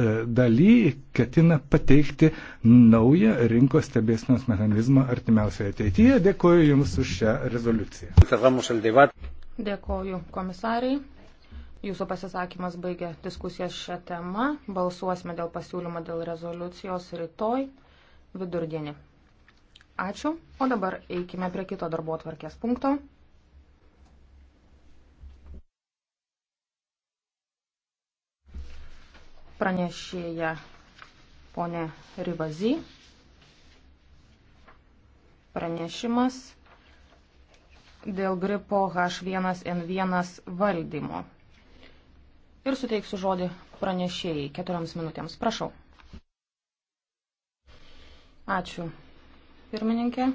E, daly ketina pateikti naują rinkos stebėsinos mechanizmą artimiausioje ateityje. Dėkuoju Jums už šią rezoliuciją. Dėkuoju komisarai. Jūsų pasisakymas baigė diskusiją šią temą. Balsuosime dėl pasiūlymo dėl rezoliucijos rytoj vidurdienį. Ačiū. O dabar eikime prie kito darbo atvarkės punkto. pranešėja ponė Rivazy. Pranešimas dėl gripo H1N1 valdymo. Ir suteiksiu žodį pranešėjai keturioms minutėms. Prašau. Ačiū, pirmininkė.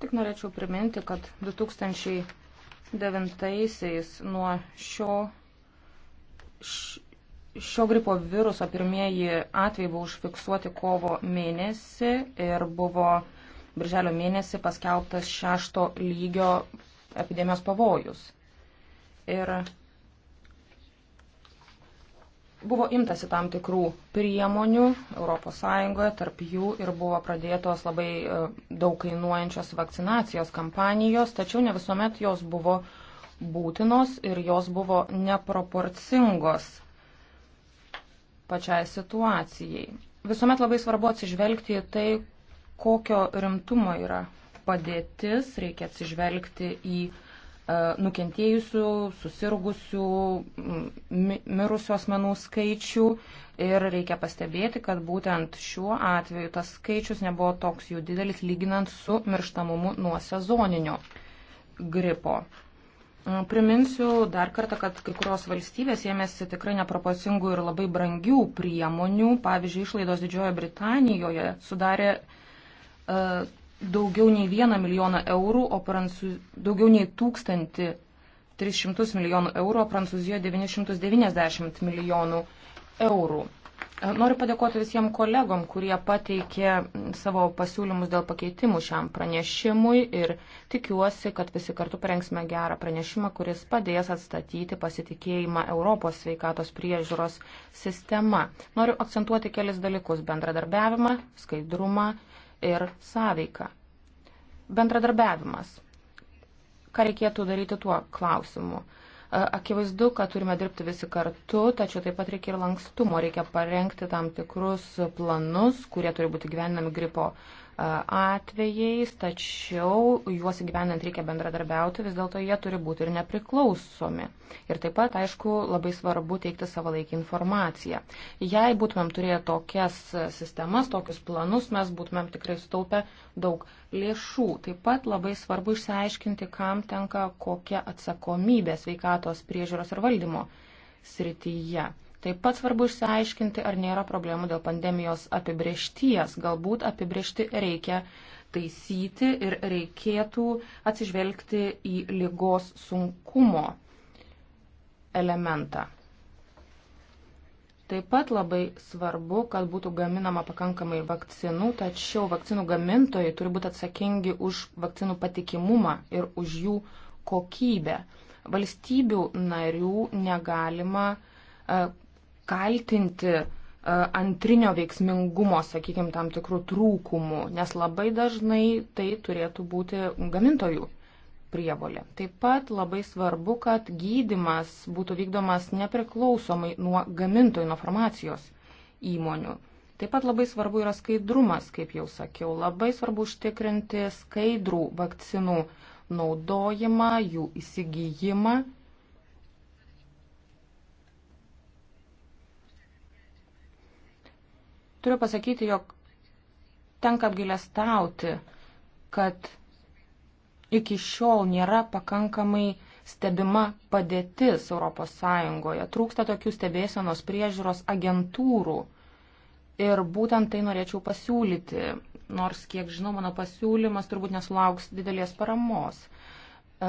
Tik norėčiau priminti, kad 2000. 2009-aisiais nuo šio, šio gripo viruso pirmieji atvejai buvo užfiksuoti kovo mėnesį ir buvo birželio mėnesį paskelbtas šešto lygio epidemijos pavojus. Ir buvo imtasi tam tikrų priemonių ES, tarp jų ir buvo pradėtos labai e, daug kainuojančios vakcinacijos kampanijos, tačiau ne visuomet jos buvo būtinos ir jos buvo neproporcingos pačiai situacijai. Visuomet labai svarbu atsižvelgti į tai, kokio rimtumo yra padėtis, reikia atsižvelgti į E, nukentėjusių, susirgusių, mirusių asmenų skaičių. Ir reikia pastebėti, kad būtent šiuo atveju tas skaičius nebuvo toks jų didelis lyginant su mirštamumu nuo sezoninio gripo. E, priminsiu dar kartą, kad kai kurios valstybės ėmėsi tikrai neproporcingų ir labai brangių priemonių. Pavyzdžiui, išlaidos Didžiojo Britanijoje sudarė uh, daugiau nei 1 milijoną eurų, o prancūz... daugiau nei 1300 milijonų eurų, o Prancūzijoje 990 milijonų eurų. E, noriu padėkoti visiems kolegom, kurie pateikė savo pasiūlymus dėl pakeitimų šiam pranešimui ir tikiuosi, kad visi kartu parengsime gerą pranešimą, kuris padės atstatyti pasitikėjimą Europos sveikatos priežiūros sistema. Noriu akcentuoti kelis dalykus - bendradarbiavimą, skaidrumą ir sąveika. Bendradarbiavimas. Ką reikėtų daryti tuo klausimu? Akivaizdu, kad turime dirbti visi kartu, tačiau taip pat reikia ir lankstumo, reikia parengti tam tikrus planus, kurie turi būti gyvenami gripo atvejais, tačiau juos įgyvendant reikia bendradarbiauti, vis dėlto jie turi būti ir nepriklausomi. Ir taip pat, aišku, labai svarbu teikti savalaikį informaciją. Jei būtumėm turėję tokias sistemas, tokius planus, mes būtumėm tikrai sutaupę daug lėšų. Taip pat labai svarbu išsiaiškinti, kam tenka kokia atsakomybė sveikatos priežiūros ir valdymo srityje. Taip pat svarbu išsiaiškinti, ar nėra problemų dėl pandemijos apibriešties. Galbūt apibriešti reikia taisyti ir reikėtų atsižvelgti į lygos sunkumo elementą. Taip pat labai svarbu, kad būtų gaminama pakankamai vakcinų, tačiau vakcinų gamintojai turi būti atsakingi už vakcinų patikimumą ir už jų kokybę. Valstybių narių negalima e, kaltinti e, antrinio veiksmingumo, sakykime, tam tikrų trūkumų, nes labai dažnai tai turėtų būti gamintojų prievolė. Taip pat labai svarbu, kad gydimas būtų vykdomas nepriklausomai nuo gamintojų, nuo farmacijos įmonių. Taip pat labai svarbu yra skaidrumas, kaip jau sakiau, labai svarbu užtikrinti skaidrų vakcinų naudojimą, jų įsigijimą Turiu pasakyti, jog tenka apgailestauti, kad iki šiol nėra pakankamai stebima padėtis ES, trūksta tokių stebėsenos priežiūros agentūrų. Ir būtent tai norėčiau pasiūlyti, nors, kiek žinau, mano pasiūlymas turbūt nesulauks didelės paramos. E,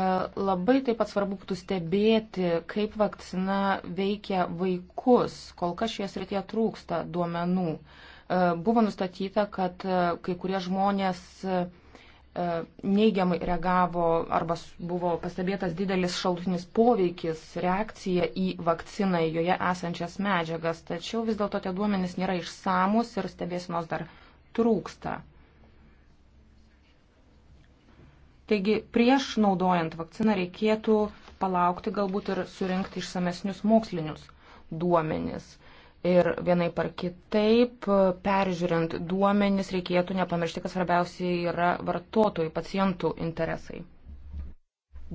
labai taip pat svarbu būtų stebėti, kaip vakcina veikia vaikus. Kol kas šioje srityje trūksta duomenų. E, buvo nustatyta, kad e, kai kurie žmonės neigiamai reagavo arba buvo pastebėtas didelis šalutinis poveikis, reakcija į vakciną, į joje esančias medžiagas. Tačiau vis dėlto tie duomenys nėra išsamus ir stebėsinos dar trūksta. Taigi prieš naudojant vakciną reikėtų palaukti galbūt ir surinkti išsamesnius mokslinius duomenis. Ir vienai par kitaip, peržiūrint duomenis, reikėtų nepamiršti, kad svarbiausia yra vartotojų, pacientų interesai.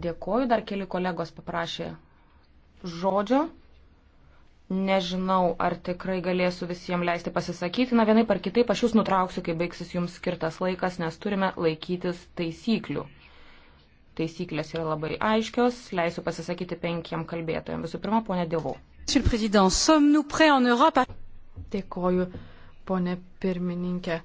Dėkoju, dar keli kolegos paprašė žodžio. Nežinau, ar tikrai galėsiu visiems leisti pasisakyti. Na, vienai par kitaip aš jūs nutrauksiu, kai baigsis jums skirtas laikas, nes turime laikytis taisyklių. Taisyklės yra labai aiškios. Leisiu pasisakyti penkiem kalbėtojams. Visų pirma, ponė Dievau. Dėkoju, ponė pirmininkė.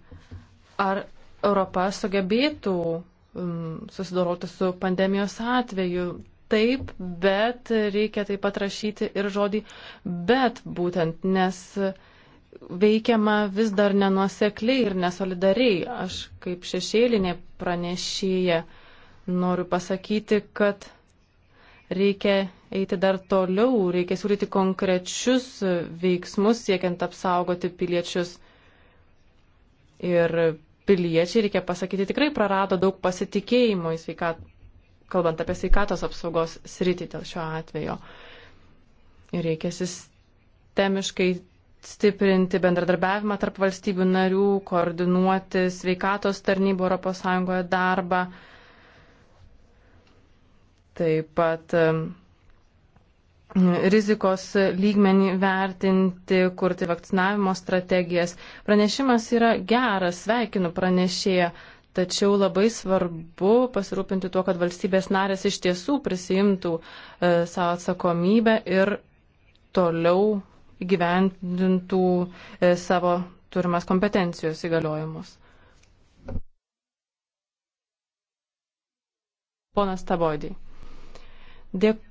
Ar Europa sugebėtų um, susidoroti su pandemijos atveju? Taip, bet reikia taip pat rašyti ir žodį bet būtent, nes veikiama vis dar nenuosekliai ir nesolidariai. Aš kaip šešėlinė pranešėja uh, noriu pasakyti, kad reikia eiti dar toliau, reikia siūlyti konkrečius veiksmus siekiant apsaugoti piliečius. Ir piliečiai, reikia pasakyti, tikrai prarado daug pasitikėjimo, sveikat, kalbant apie sveikatos apsaugos sritį dėl šio atvejo. Ir reikia sistemiškai stiprinti bendradarbiavimą tarp valstybių narių, koordinuoti sveikatos tarnybų ES darbą taip pat rizikos lygmenį vertinti, kurti vakcinavimo strategijas. Pranešimas yra geras, sveikinu pranešėją, tačiau labai svarbu pasirūpinti tuo, kad valstybės narės iš tiesų prisijimtų e, savo atsakomybę ir toliau gyventintų e, savo turimas kompetencijos įgaliojimus. Ponas Tabodį. Dėkui.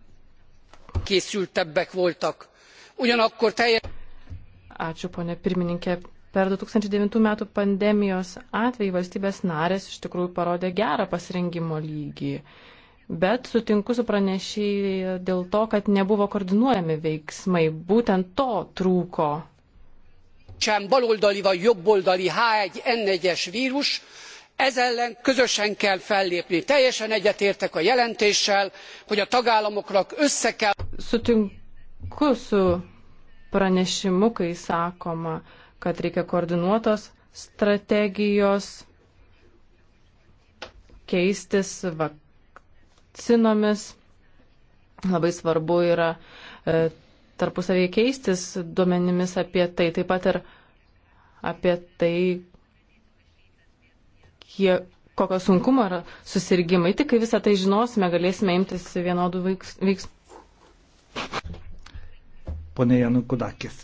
Ačiū, ponė pirmininkė. Per 2009 metų pandemijos atvejį valstybės narės iš tikrųjų parodė gerą pasirengimo lygį. Bet sutinku su pranešiai dėl to, kad nebuvo koordinuojami veiksmai. Būtent to trūko. Sem baloldali vagy jobboldali H1N1-es vírus, ez ellen közösen kell fellépni. teljesen egyetértek a jelentéssel hogy a tagállamoknak össze kell. sutinku su pranešimu kai sakoma kad reikia koordinuotos strategijos keistis vakcinomis labai svarbu yra e, tarpusavyje keistis duomenimis apie tai taip pat ir apie tai jie, kokio sunkumo yra susirgymai. Tik kai visą tai žinosime, galėsime imtis vienodų veiksmų. Pone Janu Kudakis.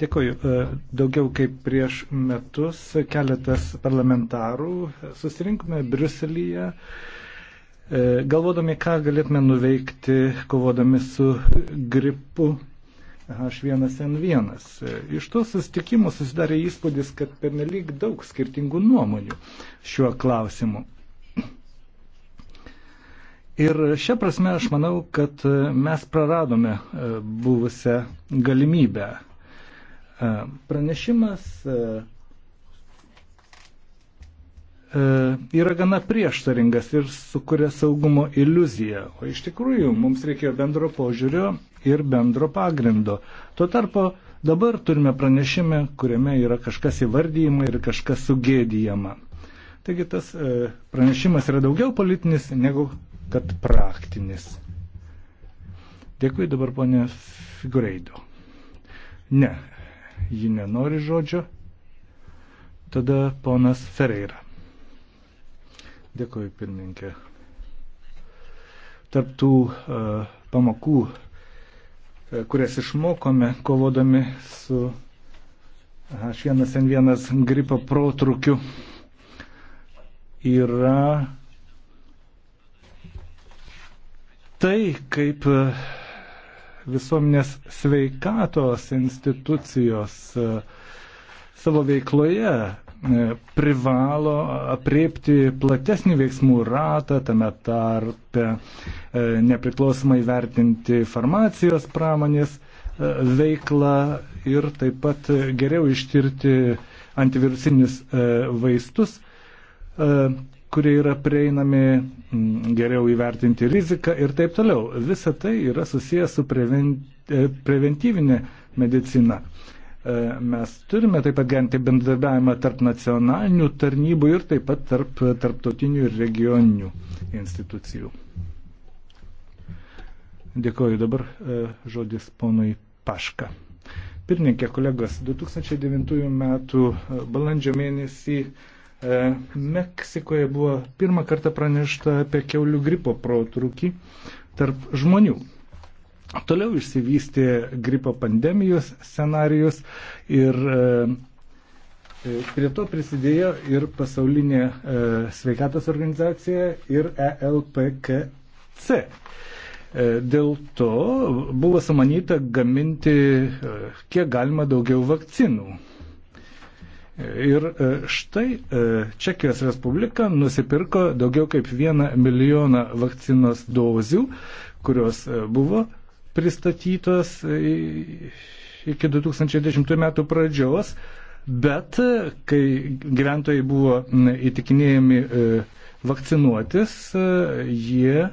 Dėkoju. E, daugiau kaip prieš metus keletas parlamentarų susirinkome Briuselyje, e, galvodami, ką galėtume nuveikti kovodami su gripu H1N1. Iš to sustikimo susidarė įspūdis, kad pernelyg daug skirtingų nuomonių šiuo klausimu. Ir šią prasme aš manau, kad mes praradome e, buvusią galimybę. E, pranešimas e, E, yra gana prieštaringas ir sukuria saugumo iliuziją, o iš tikrųjų mums reikėjo bendro požiūrio ir bendro pagrindo. Tuo tarpu dabar turime pranešimą, kuriame yra kažkas įvardyjama ir kažkas sugėdyjama. Taigi tas e, pranešimas yra daugiau politinis negu kad praktinis. Dėkui dabar ponė Figureido. Ne, ji nenori žodžio. Tada ponas Ferreira. Dėkuoju, pirmininkė. Tarptų uh, e, pamokų, e, kurias išmokome kovodami su H1N1 gripo protrukiu, yra tai, kaip e, visuomenės sveikatos institucijos savo veikloje E, privalo apriepti platesnį veiksmų ratą, tame tarpe e, nepriklausomai vertinti farmacijos pramonės e, veiklą ir taip pat geriau ištirti antivirusinius vaistus, kurie yra prieinami, geriau įvertinti riziką ir taip toliau. Visa tai yra susijęs su preventyvinė medicina. E, mes turime taip pat gerinti bendradarbiavimą tarp nacionalinių tarnybų ir taip pat tarp tarptautinių ir regioninių institucijų. Dėkoju dabar e, žodis ponui Paška. Pirmininkė, kolegos, 2009 m. E, balandžio mėnesį Meksikoje buvo pirmą kartą pranešta apie keulių gripo protrukį tarp žmonių. Toliau išsivystė gripo pandemijos scenarius ir e, e, prie to prisidėjo ir pasaulinė e, sveikatos organizacija ir ELPKC. Dėl to buvo sumanyta gaminti kiek galima daugiau vakcinų. Ir štai Čekijos Respublika nusipirko daugiau kaip vieną milijoną vakcinos dozių, kurios buvo pristatytos iki 2010 metų pradžios, bet kai gyventojai buvo įtikinėjami e, vakcinuotis, e, jie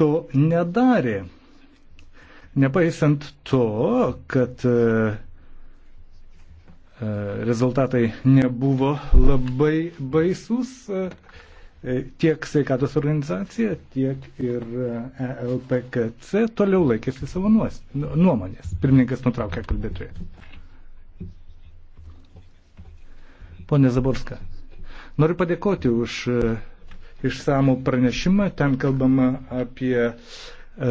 to nedarė. Nepaisant to, kad e, rezultatai nebuvo labai baisus, tiek sveikatos organizacija, tiek ir ELPKC toliau laikėsi savo nu, nuomonės. Pirmininkas nutraukė kalbėtoją. Pone Zaborska, noriu padėkoti už e, išsamų pranešimą. Ten kalbama apie E,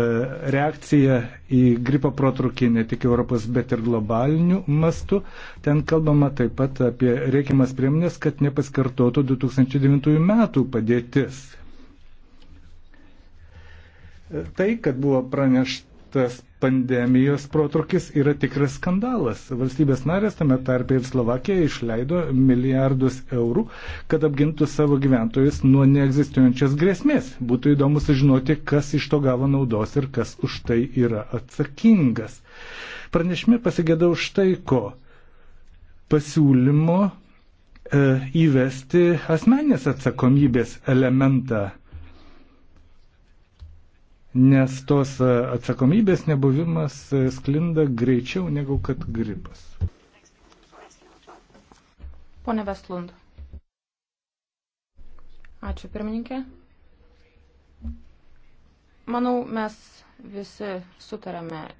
reakcija į gripo protrukį ne tik Europos, bet ir globaliniu mastu. Ten kalbama taip pat apie reikiamas priemonės, kad nepaskartotų 2009 metų padėtis. E, tai, kad buvo pranešta tas pandemijos protrukis yra tikras skandalas. Valstybės narės, tame tarpe ir Slovakija, išleido milijardus eurų, kad apgintų savo gyventojus nuo neegzistuojančios grėsmės. Būtų įdomu sužinoti, kas iš to gavo naudos ir kas už tai yra atsakingas. Pranešime pasigėdau štai ko. Pasiūlymo e, įvesti asmenės atsakomybės elementą nes tos e, atsakomybės nebuvimas e, sklinda greičiau negu kad gripas. Pone Vestlund. Ačiū pirmininkė. Manau, mes visi sutarėme e,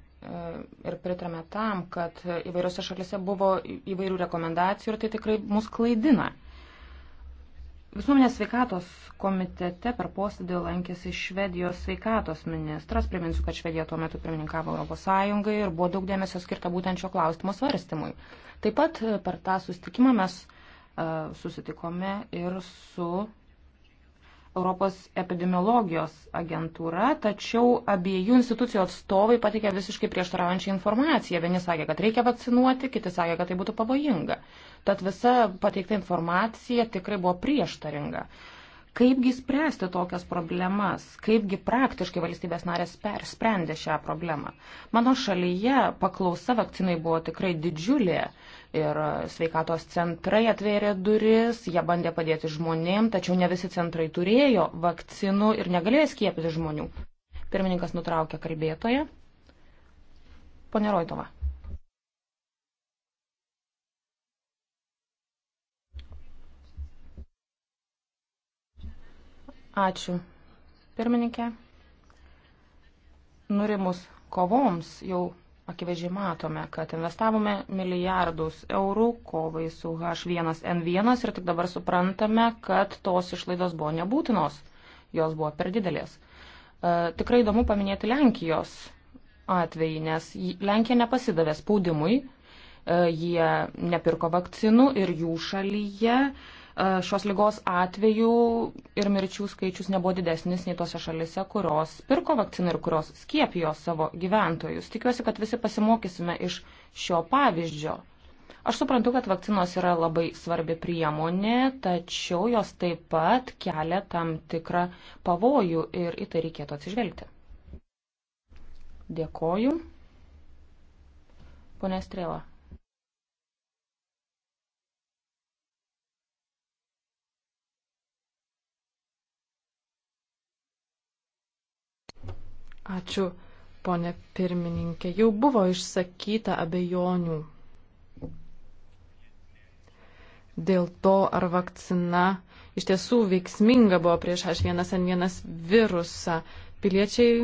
ir pritarėme tam, kad įvairiose šalise buvo įvairių rekomendacijų ir tai tikrai mus klaidina. Visuomenės sveikatos komitete per posėdį lankėsi Švedijos sveikatos ministras. Priminsiu, kad Švedija tuo metu pirmininkavo Europos Sąjungai ir buvo daug dėmesio skirta būtent šio klausimo svarstymui. Taip pat per tą sustikimą mes uh, susitikome ir su Europos epidemiologijos agentūra, tačiau abiejų institucijų atstovai patikė visiškai prieštaraujančią informaciją. Vieni sakė, kad reikia vakcinuoti, kiti sakė, kad tai būtų pavojinga. Tad visa pateikta informacija tikrai buvo prieštaringa. Kaipgi spręsti tokias problemas, kaipgi praktiškai valstybės narės sprendė šią problemą. Mano šalyje paklausa vakcinai buvo tikrai didžiulė ir sveikatos centrai atvėrė duris, jie bandė padėti žmonėm, tačiau ne visi centrai turėjo vakcinų ir negalėjo skiepyti žmonių. Pirmininkas nutraukė kalbėtoją. Pone Roitova. Ačiū. Pirmininkė, nurimus kovoms jau akivaizdžiai matome, kad investavome milijardus eurų kovai su H1N1 ir tik dabar suprantame, kad tos išlaidos buvo nebūtinos, jos buvo per didelės. E, tikrai įdomu paminėti Lenkijos atvejį, nes Lenkija nepasidavė spaudimui, e, jie nepirko vakcinų ir jų šalyje. E, E, šios lygos atvejų ir mirčių skaičius nebuvo didesnis nei tose šalise, kurios pirko vakciną ir kurios skiepijo savo gyventojus. Tikiuosi, kad visi pasimokysime iš šio pavyzdžio. Aš suprantu, kad vakcinos yra labai svarbi priemonė, tačiau jos taip pat kelia tam tikrą pavojų ir į tai reikėtų atsižvelgti. Dėkoju. Pone Strėla. Ačiū, ponė pirmininkė. Jau buvo išsakyta abejonių dėl to, ar vakcina iš tiesų veiksminga buvo prieš H1N1 virusą. Piliečiai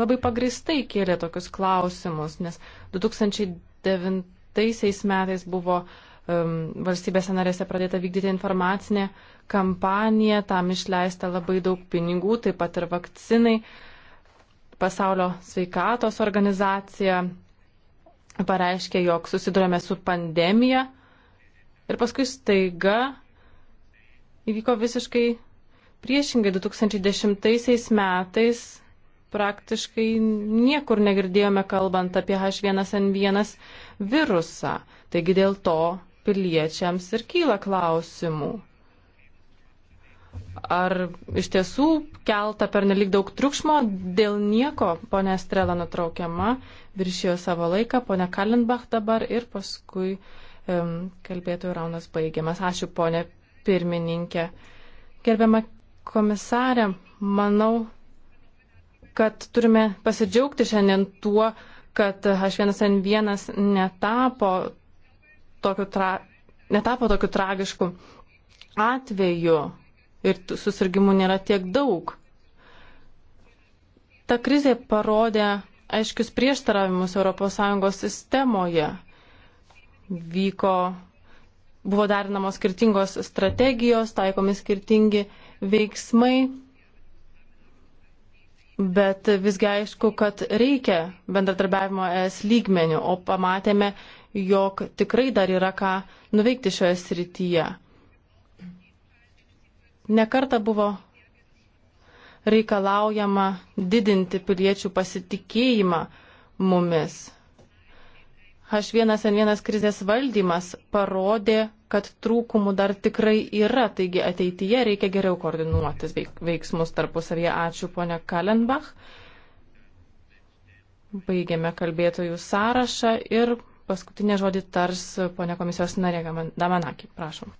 labai pagristai kėlė tokius klausimus, nes 2009 metais buvo um, valstybėse narėse pradėta vykdyti informacinė kampanija, tam išleista labai daug pinigų, taip pat ir vakcinai Pasaulio sveikatos organizacija pareiškė, jog susidurėme su pandemija ir paskui staiga įvyko visiškai priešingai 2010 metais praktiškai niekur negirdėjome kalbant apie H1N1 virusą. Taigi dėl to piliečiams ir kyla klausimų. Ar iš tiesų kelta per nelik daug triukšmo dėl nieko, ponė Strela nutraukiama, viršijo savo laiką, ponė Kalinbach dabar ir paskui um, kalbėtojų raunas baigiamas. Ačiū, ponė pirmininkė. Gerbiama komisarė, manau, kad turime pasidžiaugti šiandien tuo, kad H1N1 netapo tokiu, tra... netapo tokiu tragišku atveju ir susirgymų nėra tiek daug. Ta krizė parodė aiškius prieštaravimus ES sistemoje. Vyko, buvo darinamos skirtingos strategijos, taikomi skirtingi veiksmai, bet visgi aišku, kad reikia bendradarbiavimo ES lygmenių, o pamatėme, jog tikrai dar yra ką nuveikti šioje srityje. Nekarta buvo reikalaujama didinti piliečių pasitikėjimą mumis. H1N1 krizės valdymas parodė, kad trūkumų dar tikrai yra, taigi ateityje reikia geriau koordinuotis veiksmus tarpusavyje. Ačiū, ponia Kalenbach. Baigėme kalbėtojų sąrašą ir paskutinę žodį tars ponia komisijos narė Damanaki. Prašom.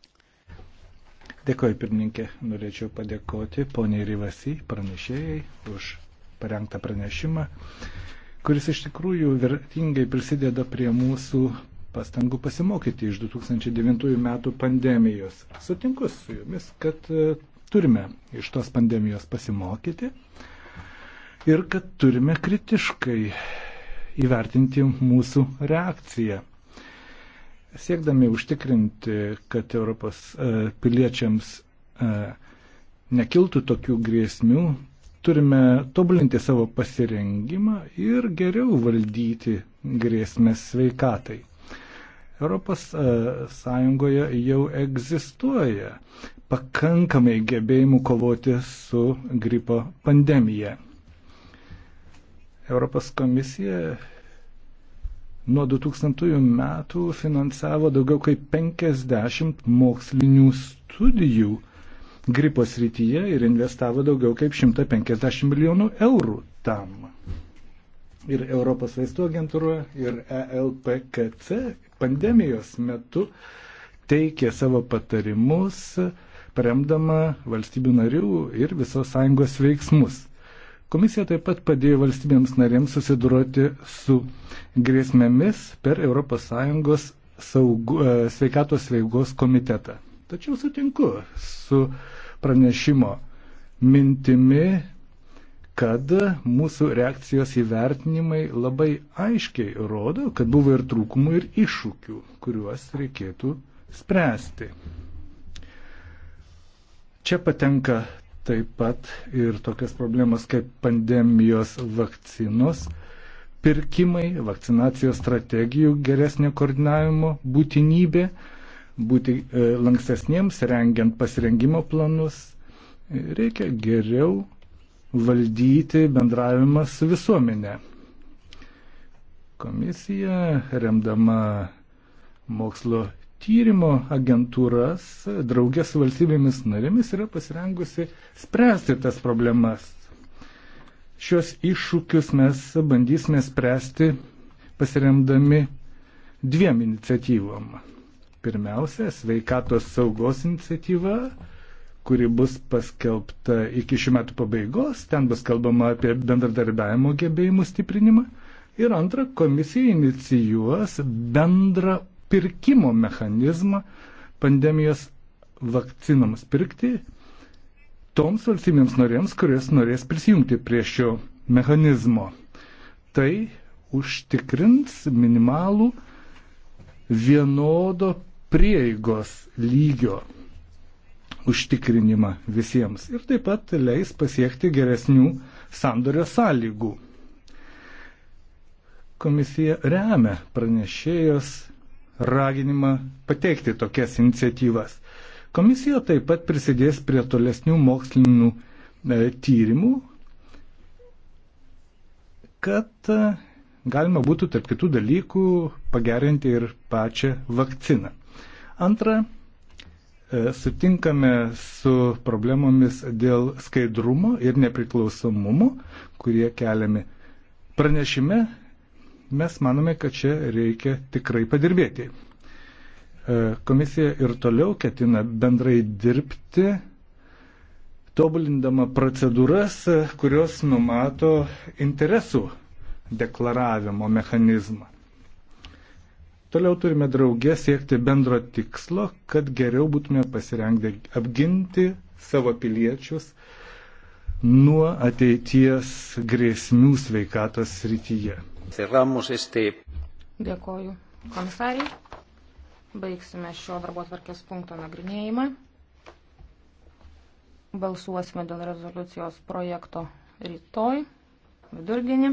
Dėkoju, pirmininkė. Norėčiau padėkoti poniai Rivasi, pranešėjai, už parengtą pranešimą, kuris iš tikrųjų vertingai prisideda prie mūsų pastangų pasimokyti iš 2009 metų pandemijos. Sutinku su jumis, kad e, turime iš tos pandemijos pasimokyti ir kad turime kritiškai įvertinti mūsų reakciją. Siekdami užtikrinti, kad Europos e, piliečiams e, nekiltų tokių grėsmių, turime tobulinti savo pasirengimą ir geriau valdyti grėsmės sveikatai. Europos e, Sąjungoje jau egzistuoja pakankamai gebėjimų kovoti su gripo pandemija. Europos komisija nuo 2000 metų finansavo daugiau kaip 50 mokslinių studijų gripo srityje ir investavo daugiau kaip 150 milijonų eurų tam. Ir Europos vaistų agentūra ir ELPKC pandemijos metu teikė savo patarimus, remdama valstybių narių ir visos sąjungos veiksmus. Komisija taip pat padėjo valstybėms narėms susiduroti su grėsmėmis per ES saugų, e, sveikatos veigos komitetą. Tačiau sutinku su pranešimo mintimi, kad mūsų reakcijos įvertinimai labai aiškiai rodo, kad buvo ir trūkumų, ir iššūkių, kuriuos reikėtų spręsti. Čia patenka taip pat ir tokias problemas kaip pandemijos vakcinos pirkimai, vakcinacijos strategijų geresnio koordinavimo būtinybė, būti e, lankstesniems, rengiant pasirengimo planus. Reikia geriau valdyti bendravimą su visuomenė. Komisija, remdama mokslo tyrimo agentūras draugės su valstybėmis narėmis yra pasirengusi spręsti tas problemas. Šios iššūkius mes bandysime spręsti pasiremdami dviem iniciatyvom. Pirmiausia, sveikatos saugos iniciatyva, kuri bus paskelbta iki šių metų pabaigos. Ten bus kalbama apie bendradarbiavimo gebėjimų stiprinimą. Ir antra, komisija inicijuos bendrą pirkimo mechanizmą pandemijos vakcinoms pirkti toms valstybėms norėms, kurios norės prisijungti prie šio mechanizmo. Tai užtikrins minimalų vienodo prieigos lygio užtikrinimą visiems ir taip pat leis pasiekti geresnių sandorio sąlygų. Komisija remia pranešėjos raginimą pateikti tokias iniciatyvas. Komisija taip pat prisidės prie tolesnių mokslinių e, tyrimų, kad e, galima būtų tarp kitų dalykų pagerinti ir pačią vakciną. Antra, e, sutinkame su problemomis dėl skaidrumo ir nepriklausomumo, kurie keliami pranešime Mes manome, kad čia reikia tikrai padirbėti. E, komisija ir toliau ketina bendrai dirbti, tobulindama procedūras, e, kurios numato interesų deklaravimo mechanizmą. Toliau turime draugė siekti bendro tikslo, kad geriau būtume pasirengę apginti savo piliečius nuo ateities grėsmių sveikatos srityje. Dėkoju komisariai. Baigsime šio darbo tvarkės punkto nagrinėjimą. Balsuosime dėl rezoliucijos projekto rytoj vidurdienį.